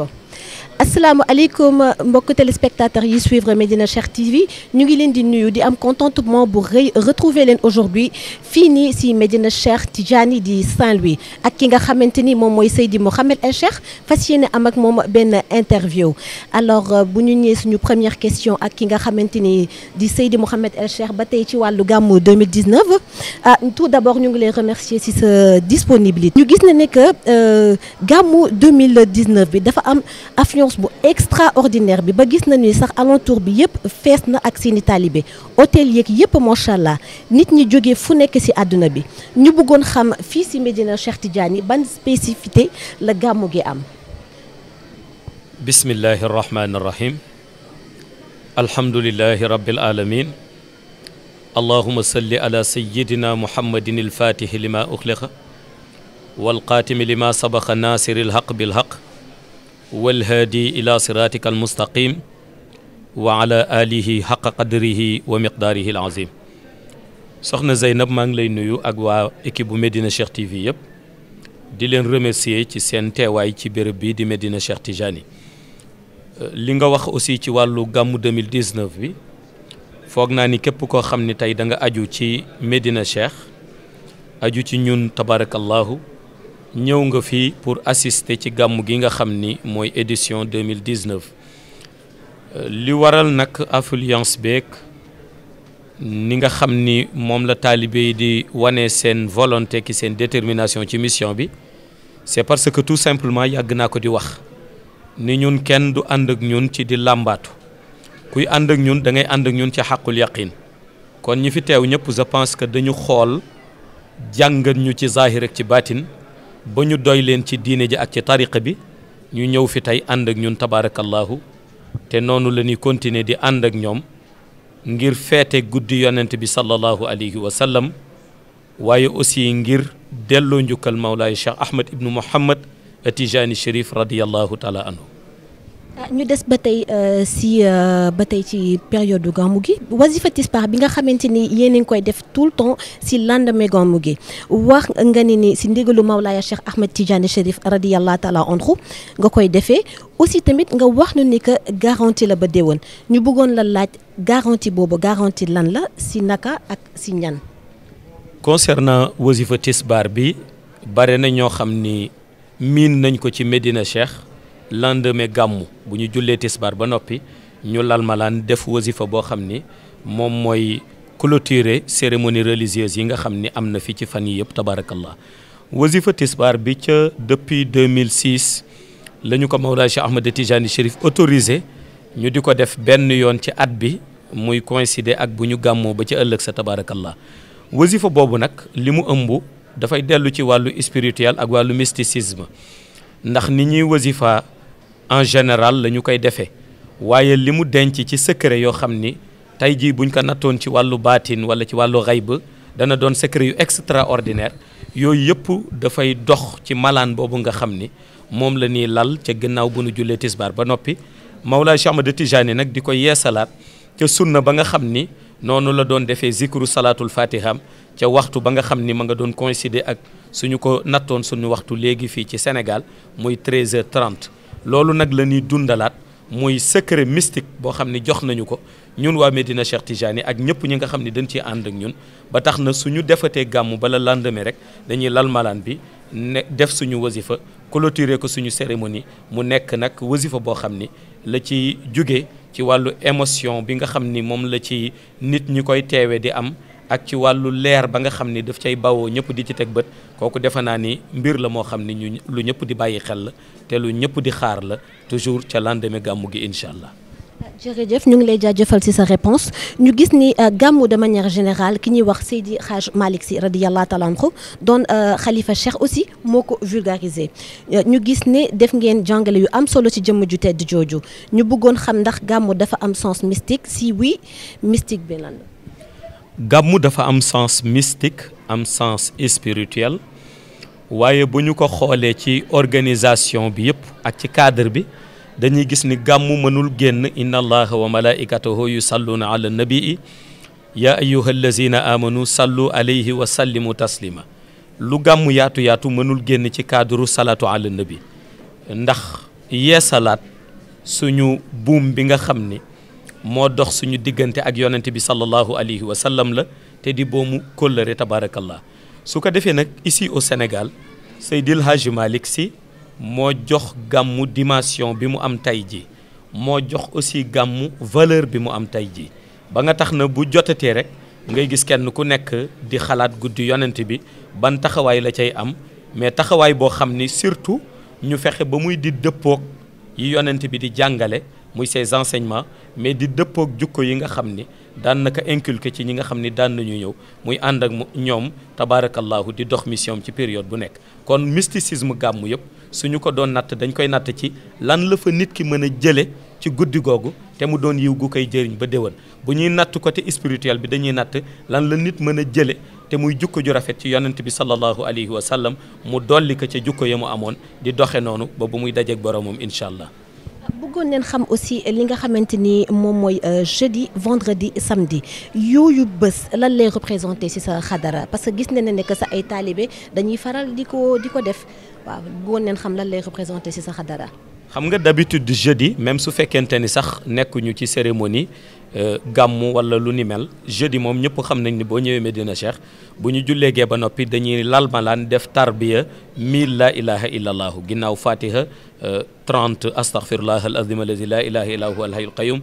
Oh. aleykum mbokk téléspectateurs yi suivre Medina Cheikh TV ñu ngi leen di nuyu di am contentement bu rëy retrouver leen aujourd'hui fii nii si Medina Cheikh Tidjani di Saint-Louis ak ki nga xamante ni moom mooy Seydi Mouhamed El Cheikh fas yéene am ak moom benn interview alors euh, bu ñu ñëwee suñu première question ak ki nga xamante ni di Seydi Mouhamed El Cheikh ba tey ci wàllu gàmmu 2019 ah euh, tout d'abord ñu ngi lay remercier si sa disponibilité. ñu gis na ne que euh, gàmmu 2019 bi dafa am affluence bu extraordinaire bi ba gis nañu sax alentour bi yëpp fees na ak seeni taalibe hôtel yëpp macha allah nit ñi jógee fu nekk ci àdduna bi ñu bëggoon xam fii ci Médina Cheikh ban spécificité la gàmmu gi am. bismillahi rahmaani rahim alhamdulilahi lima uxliqa walqaatimi lima sabaqa naasiri walhaadi ila siratika almustaqim wa ala alihi xaqa qadrihi wa miqdaarihi alazim soxna Zeynab maa ngi lay nuyu ak waa équipe bu Medina Cheikh TV yëpp di leen remercier ci seen teewaay ci béréb bi di Medina Cheikh Tijani li nga wax aussi ci wàllu gàmmu 2019 bi foog naa ni képp koo xam ne tey da nga aju ci Medina Cheikh aju ci ñun tabarakallahu ñëw nga fii pour assisté ci gàmm gi nga xam ni mooy édition 2019 li waral nag affluence beek ni nga xam ni moom la taalibe yi di wane seen volonté ki seen détermination ci mission bi c'est parce que tout simplement yàgg naa ko di wax ni ñun kenn du ànd ak ñun ci di làmbaatu kuy ànd ak ñun da ngay ànd ak ñun ci xàqul yaqin kon ñi fi teew ñëpp je pense que dañu xool jàngat ñu ci zaahir ak ci baatin ba ñu doy leen ci diine ji ak ci tariqa bi ñu ñëw fi tey ànd ak ñun tabaarakallahu te noonu la ñuy continuer di ànd ak ñoom ngir feete guddi yonent bi sallallahu alayhi wa sallam waaye aussi ngir delloo njukkal Mawlaay Cheikh Ahmed ibnu Muhammad Tijaani Chérif radiyallahu taala anhu ñu des ba tey euh, si euh, ba tey ci période du gàmmu gi Wazifa Tisbaar bi nga xamante ni yéen a ngi koy def tout le temps si lendemain gàmmu gi wax nga ni ni si ndigalu Mawlaaya Cheikh Ahmed Tidiane Chérif radiyallahu taala anhu nga koy defee aussi tamit nga wax nu ni que garantie la ba déwén ñu bëggoon la laaj garantie boobu garantie lan la si naka ak si ñan. concernant Wazifa Tisbaar bi bare na ñoo xam ni miin nañ ko ci Medina Cheikh. lendemain gàmmu bu ñu jullee tisbaar ba noppi ñu lal malaan def wasifa boo xam ni moom mooy clôturer cérémonie religieuse yi nga xam ni am na fi ci fan yi yëpp tabaarakallah wasifa tisbaar bi ca depuis deux 2006 la ñu ko Mawlaa Cheikh Ahmed Tijani Chérif autorisé ñu di ko def benn yoon ci at bi muy coïncider ak bu ñu gàmmoo ba ca ëllëg sa tabaarakallah wasifa boobu nag li mu ëmb dafay dellu ci wàllu spirituel ak wàllu mysticisme ndax ni ñuy wasifa en général lañu koy defee waaye li mu denc ci secret yoo xam ni tey jii buñ ko nattoon ci wàllu baatin wala ci wàllu xayb dana doon secret yu extraordinaire yooyu yëpp dafay dox ci malaan boobu nga xam ni moom la ñuy lal ca gannaaw bu nu jullee tisbaar ba noppi Mawlaa Cheikh de Tijaani nag di ko yeesalaat ca sunna ba nga xam ni noonu la doon defee zikru salaatul fatiham ca waxtu ba nga xam ni mu nga doon coïncider ak suñu ko nattoon suñu waxtu léegi fii ci Sénégal muy 13 h loolu nag la ñuy dundalaat muy secret mystique boo xam ni jox nañu ko ñun waa Medina Cheikh Tijani ak ñëpp ñi nga xam ni dañ ciy ànd ak ñun ba tax na suñu defatee gàmmu bala lendemain rek dañuy lal malaan bi ne def suñu wasifa clôturer ko suñu cérémonie mu nekk nag wasifa boo xam ni la ci jóge ci wàllu émotion bi nga xam ni moom la ci nit ñi koy teewe di am ak ci wàllu leer ba nga xam ni daf cay bawoo ñëpp di ci teg bët kooku defe naa ni mbir la moo xam ni ñu lu ñëpp di bàyyi xel la te lu ñëpp di xaar la toujours ca lendemain gàmmu gi incha allah. jërëjëf ñu ngi lay jaajëfal ci sa réponse ñu gis ni euh, gàmmu de manière générale ki ñuy wax Seydi Hadj Malick Sy radiyallahu taala anhu doon euh, xalifa cheikh aussi moo ko vulgarisé euh, ñu gis ni def ngeen jàngale yu am solo ci jëmm ju tedd jooju ñu bëggoon xam ndax gàmmu dafa am sens mystique si oui mystique bi lan gàmmu dafa am sens mystique am sens spirituel waaye bu ñu ko xoolee ci organisation bi yëpp ak ci cadre bi. dañuy gis ni gàmmu mënul génn inna allaha wa malaikatahu yusalluuna ala nabii ya ayuha allazina amanu sallu alayhi lu gàmmu yaatu yaatu mënul génn ci cadre salaatu ala nabi ndax yeesalaat suñu buum bi nga xam ni moo dox suñu diggante ak yonent bi sallallahu alayhi wa sallam la te di boomu kóllëre tabarakallah su ko defee nag ici au senegal Seydil Hadji Malick Sy moo jox gàmmu dimension bi mu am tey jii moo jox aussi gàmmu valeur bi mu am tey jii ba nga tax na bu jotatee rek ngay gis kenn ku nekk di xalaat guddi yonent bi ban taxawaay la cay am mais taxawaay boo xam ni surtout ñu fexe ba muy di dëppoog yi yonent bi di jàngale muy ses enseignements mais di dëppoog jukko yi nga xam ni daan naka inculqué ci ñi nga xam ni daan nañu ñëw muy ànd ak ñoom tabaarakallahu di dox mission ci période bu nekk kon mysticisme gàmmu yëpp suñu ko doon natt dañ koy natt ci lan la fa nit ki mën a jële ci guddi googu te mu doon yiw gu koy jëriñ ba déwén bu ñuy natt côté spirituel bi dañuy natt lan la nit mën a jële te muy jukko ju rafet ci yonent bi sallallahu alayhi wa sallam mu dolli ko ca jukko ya mu amoon di doxe noonu ba bu muy dajeeg boromam incha allah bëggoon neen xam aussi li nga xamante ni moom mooy euh, jeudi vendredi samedi yooyu bés lan lay représenté ci sa xadara parce que gis nañ ne que sa ay taalibe dañuy faral di ko di ko def waaw bëggoon neen xam lan lay représenté ci sa xadara. xam nga d'habitude jeudi même su fekkente ni sax nekkuñu ci cérémonie. gàmmu wala lu ni mel jeudi moom ñëpp xam nañ ni boo ñëwee Medina Cheikh bu ñu jullee gee ba noppi dañuy lal malaan def tarbiya mille la ilaha illa allaahu ginnaaw fatiha 30 euh, astaghfirullah al azim allazi laa ilaha illa huwa al hayyul qayyum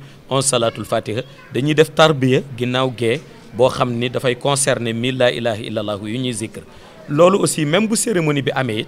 dañuy def tarbiya ginnaaw gee boo xam ni dafay concerner mille la ilaha yu ñuy zikr loolu aussi même bu cérémonie bi amee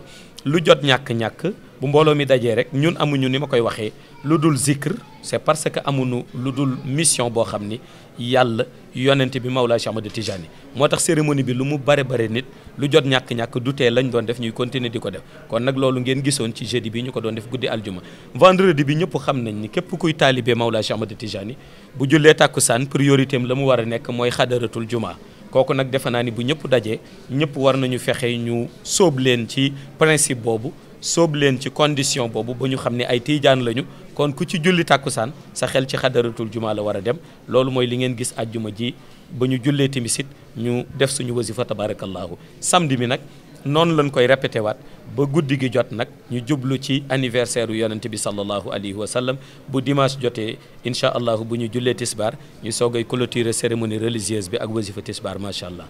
lu jot ñàkk-ñàkk bu mbooloo mi dajee rek ñun amuñu ni ma koy waxee lu dul zikr c'est parce que amuñu lu dul mission boo xam ni yàlla yonent bi Mawlaa Cheikh Ahmadou Tijani moo tax cérémonie bi lu mu bare bare nit lu jot ñàkk-ñàkk du tee lañ doon def ñuy continuer di ko def kon nag loolu ngeen gisoon ci jeudi bi ñu ko doon def guddi aljuma vendredi bi ñëpp xam nañ ni képp kuy taalibe Mawlaa Cheikh Ahmadou Tijani bu jullee tàkkusaan priorité am la mu war a nekk mooy xadaratul juma kooku nag defe naa ni bu ñëpp dajee ñëpp war nañu fexe ñu sóob leen ci principe boobu sóob leen ci condition boobu ba ñu xam ne ay tiijaan lañu kon ku ci julli tàkkusaan sa xel ci xadaratul jumaa la war a dem loolu mooy li ngeen gis àjjuma ji ba ñu jullee timisit ñu def suñu wasifa tabarakallahu samedi bi nag noonu lañ koy répété waat ba guddi gi jot nag ñu jublu ci anniversaire yu yonent bi sallallahu alayhi wa sallam bu dimanche jotee incha allah bu ñu jullee tisbaar ñu soogay clôturer cérémonie religieuse bi ak wasifa tisbaar macha allah.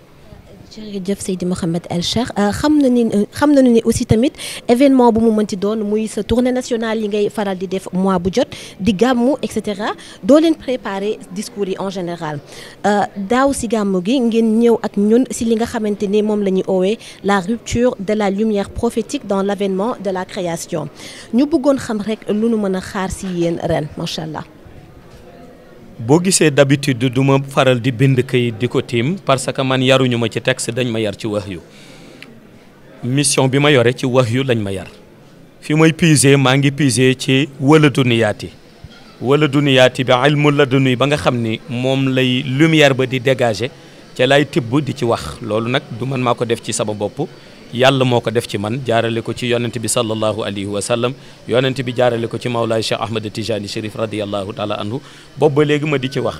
jërëjëf seyd Mouhamed El Cheikh euh, xam na ni euh, xam nañu ni aussi tamit événement bu mu mënti doon muy sa tournée nationale yi ngay faral di def mois bu jot di gàmmu et cetera doo leen préparer discours yi en général euh, daaw si gàmmu gi ngeen ñëw ak ñun si li nga xamante ni moom la ñuy oowee la rupture de la lumière prophétique dans l'avènement de la création ñu bëggoon xam rek lu nu mën a xaar si yéen ren macha allah. boo gisee d'habitude du ma faral di bind kayit di ko tiim parce que man yaruñu ma ci texte dañ ma yar ci wax yu mission bi ma yore ci wax yu lañ ma yar fi may puiser maa ngi puiser ci wala duniyaati wala duniyaati bi ilmu la dunuy ba nga xam ni moom lay lumière ba di dégager ca lay tibb di ci wax loolu nag du man maa ko def ci sama bopp yàlla moo ko def ci man jaarale ko ci yonent bi sallallahu alayhi wa sallam yonent bi jaarale ko ci Mawlaay Cheikh Ahmed Tijani Chérif radiyallahu taala anhu boobu ba léegi ma di ci wax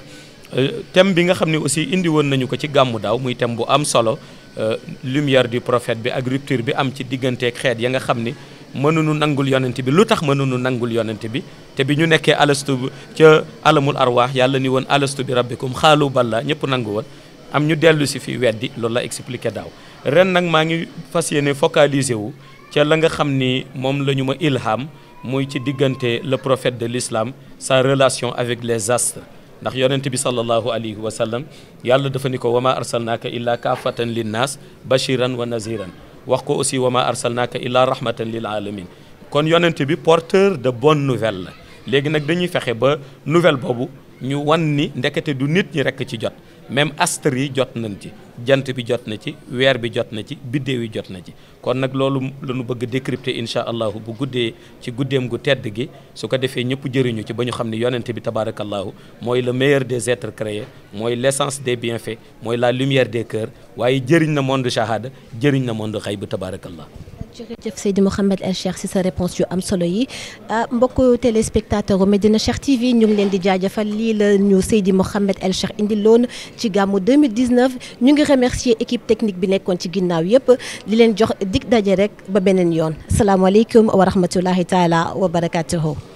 euh, thème bi nga xam ne aussi indi woon nañu ko ci gàmmu daaw muy thème bu am solo euh, lumière du profet bi ak rupture bi am ci diggante xeet ya nga xam ni mënuñu nangul yonent bi lu tax mënuñu nangul yonent bi te bi ñu nekkee alastu ca alamul arwaax yàlla ni woon alastu bi rabbikum xaalu balla ñëpp nangu woon am ñu dellu si fii weddi loolu la expliqué daaw ren nag maa ngi fas yéene focaliser wu ca la nga xam ni moom la ñu ma ilham mooy ci diggante le prophète de l'islam sa relation avec les astres ndax yonent bi sallallahu alayhi wa sallam yàlla dafa ni ko wama arsalnaaka illa kaafatan linnaas bashiran wa naziran wax ko aussi wama arsalnaaka illa rahmatan lil alamin kon yonent bi porteur de bonne nouvelle la léegi nag dañuy fexe ba nouvelle boobu ñu wan ni ndekete du nit ñi rekk ci jot même astre yi jot nañ ci jant bi jot na ci weer bi jot na ci biddéew yi jot na ci kon nag loolu la ñu bëgg décrypter incha allahu bu guddee ci guddeem gu tedd gi su ko defee ñëpp jëriñu ci ba ñu xam ne yonent bi tabaarakallahu mooy le meilleur des êtres créés mooy l'essence des bienfaits mooy la lumière des cœurs waaye jëriñ na monde shahada jëriñ na monde xay bu tabaarakallah jërëjëf Seydi Mouhamed El Cheikh si sa réponse yu am solo yi ah, mbokk téléspectateur Medina Cheikh TV ñu ngi leen di jaajëfal lii la ñu Seydi Mouhamed El Cheikh indi loon ci gàmmu 2019 ñu ngi remercier équipe technique bi nekkoon ci ginnaaw yëpp di leen jox dig daje rek ba beneen yoon salaamaaleykum wa rahmatulahi taala wa barakatuhu